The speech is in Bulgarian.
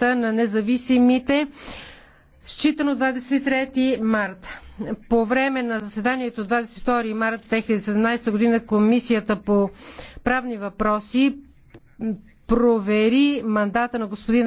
на независимите, считано 23 март. По време на заседанието 22 март 2017 година Комисията по правни въпроси провери мандата на господин